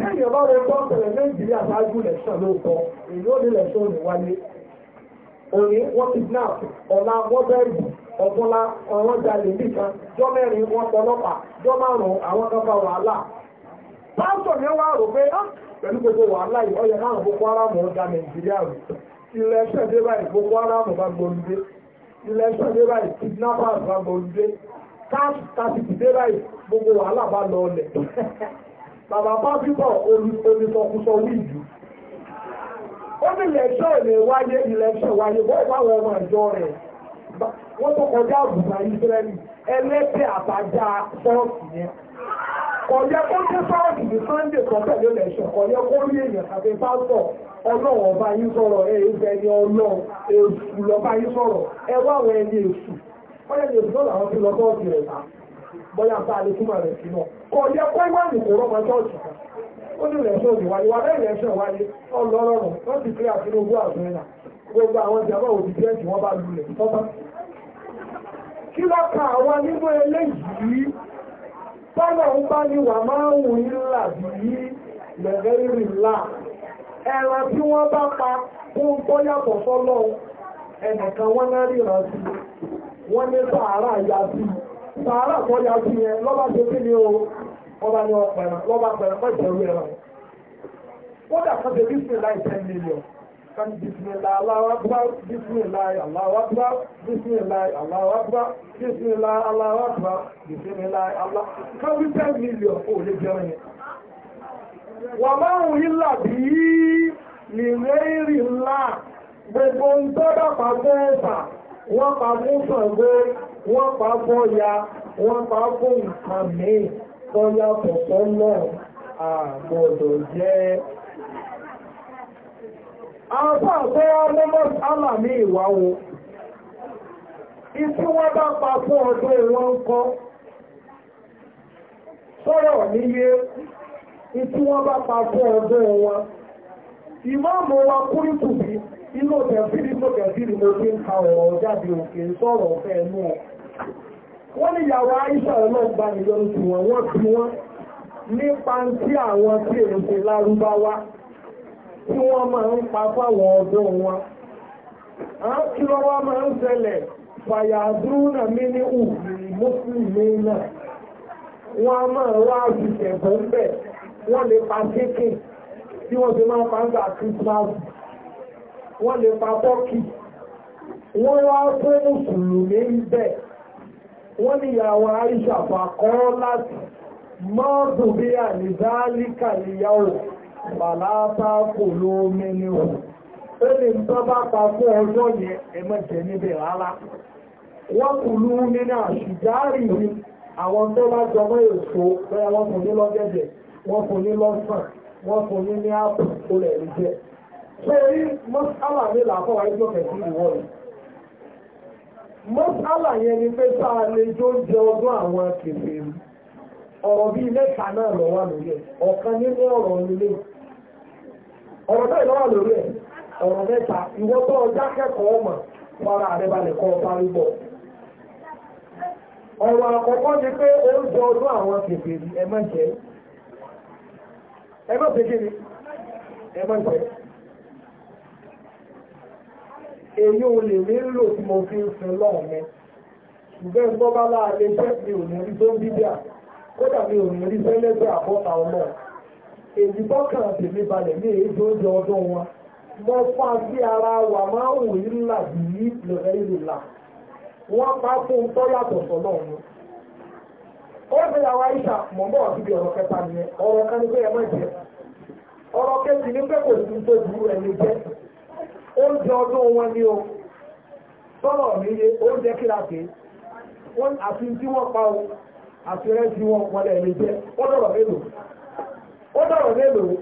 Kéèyàn bá wo ọrụ ń tẹ̀lẹ̀ Nàìjíríà ṣáájú lẹ̀ṣọ́ lóòótọ́, èyí ó ní lẹ̀ṣọ́ òní wáyé. Òní wọ́n ti náà, ọ̀la wọ́n bẹ̀rù, ọ̀rọ̀ jalè nìkan, jọ́ mẹ́rin wọ́n pọlọ́pàá, jọ́ márùn-ún àwọn kan bá wàhálà. Pásítọ̀ wá rò pé ah! pẹ̀lú gbogbo wàhálà yìí ọyẹ náà Boko gbogbo bàbá bá bíbọ̀ olùsọkúsọ wíìdù ó ní lẹ́ṣọ́ ilẹ̀ wáyé ilẹ̀ṣọ́ wáyé bọ́ọ̀ báwọn ọmọ ìjọ rẹ̀ wọ́n tó kọjá àbùkà ìsírẹ́lì ẹlẹ́tẹ̀ àbájá sọ́ọ̀tì yẹn kọ̀yẹ́ kó dé sọ́ọ̀tì ní sunday kó rí èèyàn àti ọba yín sọ̀rọ̀ ni èṣù lọ́ba yín sọ̀rọ̀ ẹ àwọn ẹni èṣù wọ́n yẹ bóyá ń bá a lè túmọ̀ rẹ̀ sí náà kò yẹ kó ìwà ìwòkò rọ́mọ ṣọ́ọ̀ṣì kan ó ní ìrẹsẹ̀ òdì wáyé wà lẹ́yìn ìrẹsẹ̀ wáyé ọlọ́rọ̀rùn wọ́n gbogbo àwọn ìjàmbá òdì díẹ̀ tí wọ́n bá lulẹ̀ ka nínú eléyìí ń bá ní wà máa ń wù ní bí ẹran tí wọ́n bá pa sọ́lọ́ ẹnìkan sàárà tó ya sí yẹn lọ́ba ṣe kí ni o ọba ni ọ̀pọ̀ lọ́ba pẹ̀rẹ̀ mọ́ ìṣẹ̀rú ẹ̀rọ. kódà kan ṣe bísímìláì ten million kan bísímìláì Allahu bísímìláì Allahu bísímìláì Allahu bísímìláì Allahu bísímìláì kan ten million ó lè jẹun yẹn. wà máa ń làbí ńlá gbogbo ń wọ́n wọ́n pa fọ́ ya wọ́n pa fún nǹkan míì tó yàtọ̀ sọ́nà àgbọ̀dọ̀ jẹ́ àwọn àpẹ́ alẹ́mọ́ alàmì ìwà wo ìtí wọ́n bá pa fún ọdún wọn ń kọ́ sọ́rọ̀ níye ìtí wọ́n bá pa fún ọdún wọn ìmáàmù wa kúrú tùbí inú tẹ̀fìrí tó tẹ̀fìrí mo fi ń ka ọ̀rọ̀ jáde òkè sọ̀rọ̀ fẹ́ẹ̀nú ọ̀pọ̀ wọ́n ní ìyàwó àìsàn ọlọ́gbà ìyọnu tí wọ́n wọ́n tí wọ́n nípa tí àwọn tí èrùsẹ̀ lárúbáwá tí wọ́n máa ń pa fáwọn ọ̀dọ́ wọn kí ló wá máa ń ṣẹlẹ̀ fàyàdúrúnà mí ní ùgbìrì mùsùlùmí náà wọ́n a máa wá àjùṣẹ̀ bọ́ ń bẹ̀ wọ́n lè pa kéèkè tí wọ́n ti máa ń gbà Christmas wọ́n lè pa tọ́kì wọ́n wá fún mùsùlùmí ń wọ́n ya ìyàwó Aisha fàkọ́ láti mọ́ọ̀dù bí àlìdáálíkà ìyàwó bàlátà kò lómi ní òun ó bá pa ọjọ́ yẹn ẹ̀mọ́jẹ̀ níbẹ̀ rárá wọ́n kù lú ní náà ní àwọn tó bá jọmọ́ èso bẹ́ẹ̀ wọ́n fún ní lọ́gẹ̀dẹ̀ wọ́n fún ní lọ́sàn wọ́n fún ní ní ààbò tó mọ́sálà yẹn ni pé tá lè jó jẹ ọdún àwọn akèfè mi ọ̀rọ̀ bíi mẹ́ta náà lọ wà lórí ẹ̀ ọ̀kan nínú ọ̀rọ̀ nílé ọ̀rọ̀ bẹ́ẹ̀ lọ́wọ́ lórí ẹ̀ ọ̀rọ̀ mẹ́ta ọjà kẹ́kọ̀ọ́ mọ̀ fara àrẹ́balẹ̀ kọ́ ọ̀rọ̀ àkọ́kọ́ ni pé oúnjẹ ọdún àwọn èyí ò lè rí lò tí mo fi ń sin lọ́ọ̀ mi ṣùgbọ́n ń bọ́bá láàrin jẹ́ mi ò ní rí tó ń bíbíà kódà mi ò ní rí sẹ́lẹ́sẹ̀ àbọ́ta ọmọ èyí bọ́kàn tèmi balẹ̀ ní èyí tó ń jẹ ọdún mo fa sí ara wa máa ń lọ́rẹ́ pa fún tọ́ yàtọ̀ sọ́lọ́ mi ó ní àwa ìṣà mọ̀ mọ́ síbi ọ̀rọ̀ kẹta nìyẹn ọ̀rọ̀ kan ní pé ẹ má jẹ ọ̀rọ̀ kejì ní pé oúnjẹ ọdún wọn ni o sọ́rọ̀ mi yé oúnjẹ kí la pè wọ́n àti tí wọ́n pa o àti rẹ̀ tí wọ́n wọlé ẹ̀mí jẹ́ ó dọ̀rọ̀ mélòó ó dọ̀rọ̀ mélòó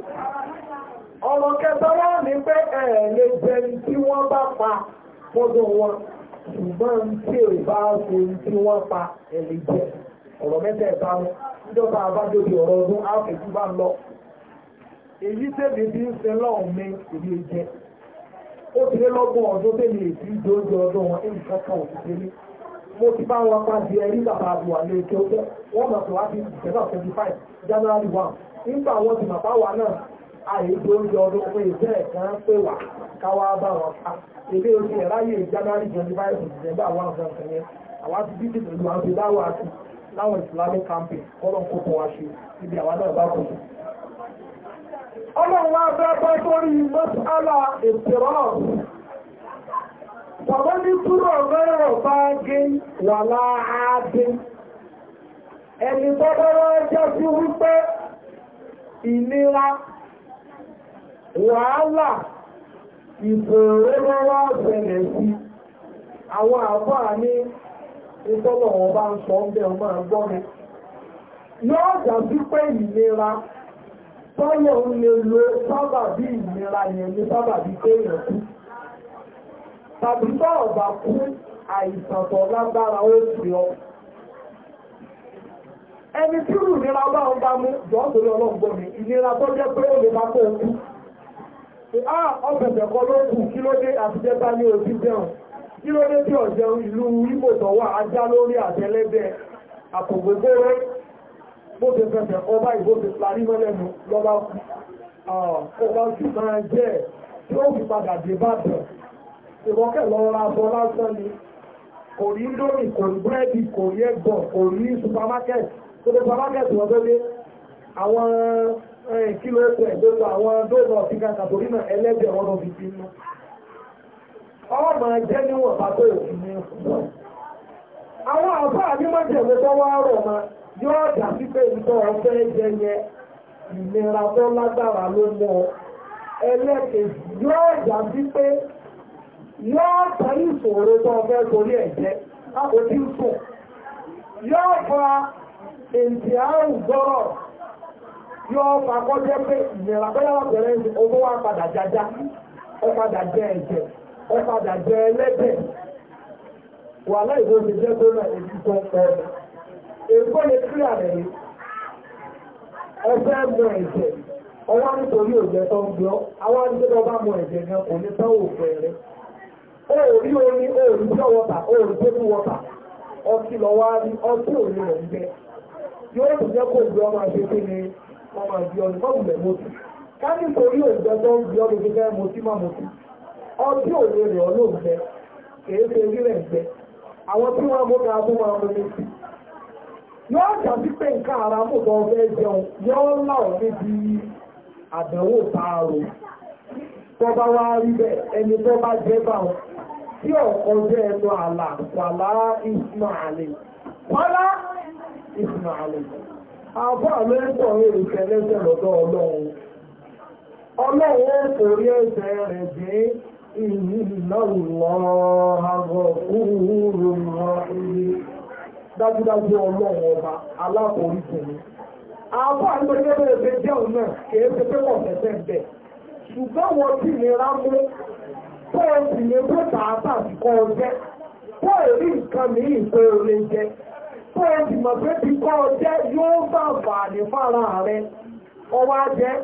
ọmọ kẹta wọ́n ní pé ẹ̀ẹ̀lẹ́ jẹni tí wọ́n bá pa fọ́dọ̀ wọn ṣùgbọ́n tí ò bá ṣe tí wọ́n pa ẹ̀lẹ́ jẹ ọ̀rọ̀ mẹ́tẹ̀ẹ̀ta wọn níjọba àbájọbí ọ̀rọ̀ ọdún áfẹ̀jú bá lọ èyí tẹ̀lé bí ń sin lọ́ọ̀ mi èmi jẹ́ ó ti lé lọ́gbọ̀n ọdún eti èsì ìdójú ọdún wọn ní ìkọ́kọ́ òṣìṣẹ́ ní mo ti bá wọn pa di ẹrí bàbá àbúwà lé ètò ọjọ́ wọ́n mọ̀ tó wá sí ìṣẹ̀lẹ̀ twenty five January one nígbà wọn ti wa náà àyè ìdójú ọdún pé ìṣẹ́ ẹ̀kan pé wà káwá bá wọn pa èdè oṣù ẹ̀ láyé January twenty five December one ọlọ́wọ́ abẹ́bẹ́ sórí mọ́sálà ìsìrọ̀ bàbá ní túrọ̀ mẹ́rọ̀ bá gé wà ẹni tọ́bọ́rọ́ jẹ́ sí wípé ìnira wàhálà ìbòòrò lọ́wọ́ ọ̀sẹ̀lẹ̀ sí àwọn àbáà ní ìtọ́lọ̀ ọba ń sọ tọ́yẹ̀ ń lè lo sábàbí ìnira yẹn ní sábàbí kéèyàn kú tàbí bá ọ̀bà kú àìsàn tó lágbára ó sì ọ ẹni tí rù nira bá ń bá mú jọ́ torí ọlọ́gbọ́n mi ìnira tó jẹ́ pé ó lè bá kó kú ah, ọ̀pẹ̀sẹ̀ kọ́ ló kù kí ló dé àtijẹ́ta ní ojú jẹun kí ló dé bí ọ̀jẹun ìlú Ìgbò tó wà ajá lórí àtẹlẹ́bẹ̀ àpògbogbo rẹ̀ bó ṣe fẹ́fẹ́ ọba ìbò ṣe parí mọ́lẹ́nu lọ́ba ọba sì máa jẹ́ tí ó fi padà dé bá bẹ̀ ìwọ́kẹ̀ lọ ra bọ́ lásán ni kò ní lórí kò ní búrẹ́dì kò ní ẹgbọ̀ kò ní supermarket tó lè supermarket wọ́n tó lé àwọn kílò ẹ̀kọ́ ẹ̀gbẹ́gbẹ́ àwọn dóòlù ọ̀sìn kan kàtó nínú ẹlẹ́gbẹ̀ẹ́ wọn lọ fi ti nù ọmọ ẹjẹ́ níwọ̀n bá tó òfin ní ẹ̀kọ́ àwọn àbá àbí májèlé tó wá rọ̀ máa yóò dà sí ìtọ́ ọ̀fẹ́ jẹ ìlera tó lágbára ló mọ́ ẹlẹ́kẹ̀ẹ́sì yóò dà sí yóò tàí ìṣòro tó ẹ̀jẹ́ sùn yóò fa èdè àrùn gbọ́rọ̀ yóò fa kọjẹ́ pé ìlera tó yára bẹ̀rẹ̀ ní wa padà jájá ó padà jẹ ẹ̀jẹ̀ ó padà jẹ tó èkó lè kí àrẹ̀ yìí mọ ẹ̀jẹ̀ ọwọ́ nítorí òjẹ́ tó ń gbọ́ àwọn àdúgbò bá mọ ẹ̀jẹ̀ gan kò ní tán òfin rẹ̀ ó rí omi ó rí pure water ó rí ọtí lọ wá rí ọtí òní rẹ̀ ń bẹ yóò tún jẹ́ kó gbé ọmọ àti kí ni ọmọ àti ọdún kọ́ gbùgbẹ́ mọ́tì ká nítorí òjẹ́ tó ń gbé ọdún fífẹ́ mọ́tì má yóò jọ sí pé nǹkan ara mú bọ́ fẹ́ jẹun yóò là ọ́ níbi àdánwò tààrò tó bá wá rí bẹ́ẹ̀ ẹni tó bá jẹ́ bá wọn tí ọ̀kọ́ jẹ́ ẹnu àlà wàlá ìsmaàlì wàlá ìsmaàlì àbọ̀ àlẹ́kọ̀ọ́ èrè tẹ́lẹ́sẹ̀ lọ́dọ̀ ọlọ́run ọlọ́run orí ẹsẹ̀ rẹ̀ dé ìlú ìlọ́rùn lọ́rọ̀ àgọ̀ kúrú rọ̀ dájúdájú ọlọ́run ọba aláforíjì ni àwọn àgbẹ̀gbẹ̀ ẹgbẹ́ jẹun náà kìí ṣe pé wọ́n fẹ́fẹ́ bẹ̀ ṣùgbọ́n wọn sì ní rámú tó o sì ní pé tààtà sí kọ́ ọ jẹ́ tó o rí nǹkan mìíràn pé o lè jẹ tó o sì mọ̀ pé bí kọ́ ọ jẹ́ yóò bá bàálì fara rẹ ọwọ́ ajẹ́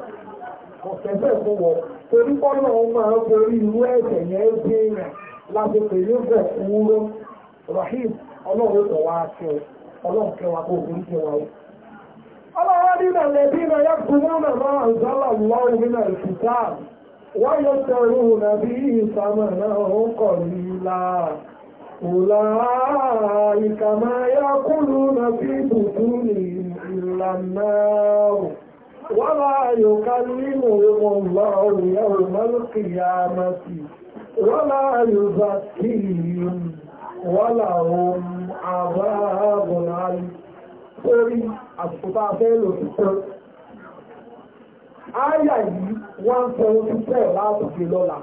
ọ̀fẹ́fẹ́ fún wọn torí kọ́nà ọmọ ọgbọ̀n irú ẹ̀sẹ̀ yẹn gbé rẹ̀ lásìkò yóò bẹ̀ fún rọ́ rahim ọlọ́run ó tọ̀ wá aṣọ ọlọ́run kẹwàá kó òun jẹ wa o. ọlọ́run nínú ẹ̀lẹ́bí náà yẹ kúrú náà máa ń sọ́lá lọ́rùn nínú ìfúta wọ́n yóò tẹ̀rù nàbí ìsàmà náà ó kọ̀ nílá. أولئك ما يأكلون في بطونهم إلا النار ولا يكلمهم الله يوم القيامة ولا يزكيهم ولهم àbáàbò láàrí sórí àsìkòtà abẹ́lò títọ́. Áyà yìí wọ́n ń sọ ohun títẹ̀ láti fi lọ́la.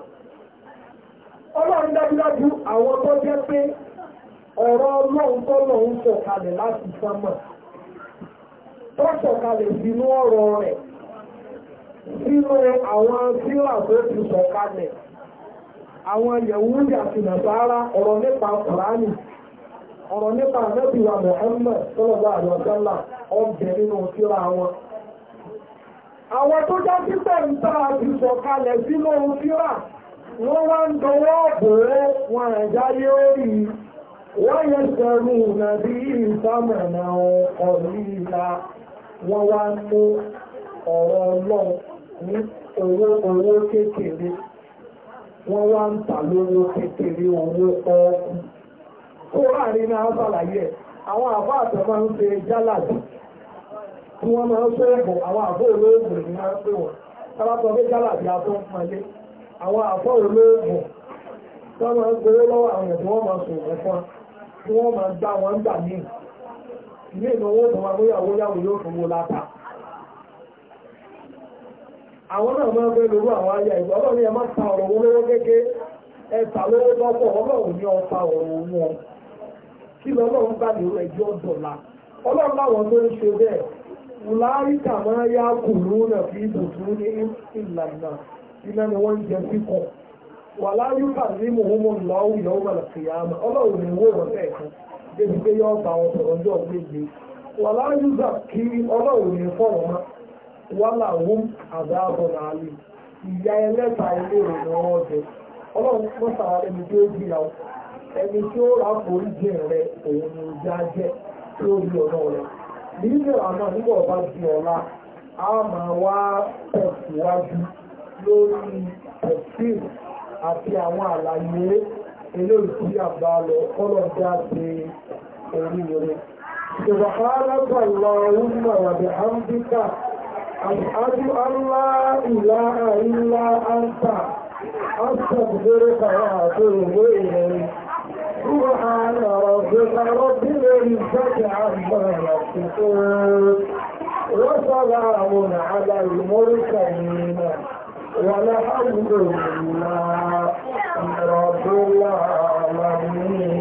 àwọn tó jẹ́ pé ọ̀rọ̀ ọlọ́run ń sọ̀kalẹ̀ láti sánmà. Tó sọ̀kalẹ̀ sínú ọ̀rọ̀ rẹ̀ sínú àwọn sílà tó ti sọ̀kalẹ̀. Àwọn ọ̀rọ̀ nípa àmẹ́bíwa Muhammad tọ́lọ̀gbà àlọ́sọ́là ọ̀bẹ̀ nínú síra wọn àwọn tó já sí pẹ̀ǹtà àti sọ̀kalẹ̀ sínú síra wọ́n wá ń dọwọ́ bẹ̀rẹ̀ wọn àjáyé orí wọ́n yẹ sẹ́rù nàbí ìsámẹ̀nà ọ̀rí ìlà wọ́n wá ń mú ọ̀rọ̀ ọlọ́run ní owó owó kékeré wọ́n wá ń tà lówó kékeré owó ọkùn kó láàrin náà sàlàyé àwọn àbá àtọ̀ máa ń ṣe jálàdì tí wọ́n máa ń ṣe ẹ̀bùn àwọn àbó olóògùn ni máa ń pè wọ́n sábàtọ̀ pé jálàdì atọ́ ń àwọn àbó olóògùn tí máa ń gbowó lọ́wọ́ àwọn ẹ̀bùn wọn gbà ní ilé ìnáwó tó máa owó yáwó yóò fowó láta àwọn náà máa ń fẹ́ lórí àwọn ayé ìgbà ọlọ́run yẹn máa ta ọ̀rọ̀ owó ẹ̀ta lówó ọlọ́run kí lọ́lọ́run bá lè ẹjọ́ dọ̀la ọlọ́run láwọn ló ń ṣe bẹ́ẹ̀ wùláríkà máa yá kù lónà fi ibùsùn ní ìlànà iná ni wọ́n ń jẹ síkọ wà láyúkà ní mòhúnmọ́ lọ́wọ́ ìyàwó mọ̀lá kìyàmà ọlọ́run ní owó ìrọ̀lẹ́ ẹ̀kan débi pé yọ ọba sọ̀rọ̀ ọjọ́ wà kí ọlọ́run ní fọ̀rọ̀ mọ́ wà àdáàbọ̀ ìyá ẹlẹ́ta ilé ọlọ́run ẹni tí ó rà forí jẹ rẹ òun ni ìjà jẹ lórí ọ̀nà rẹ nílẹ̀ àmọ́ nígbà ọba di ọ̀la a máa wá tẹ̀síwájú lórí ẹ̀sìn àti àwọn àlàyé eléyìí tí a bá lọ kọ́lọ̀ dá سبحان ربك رب العزة عما يصفون وسلام على المرسلين والحمد لله رب العالمين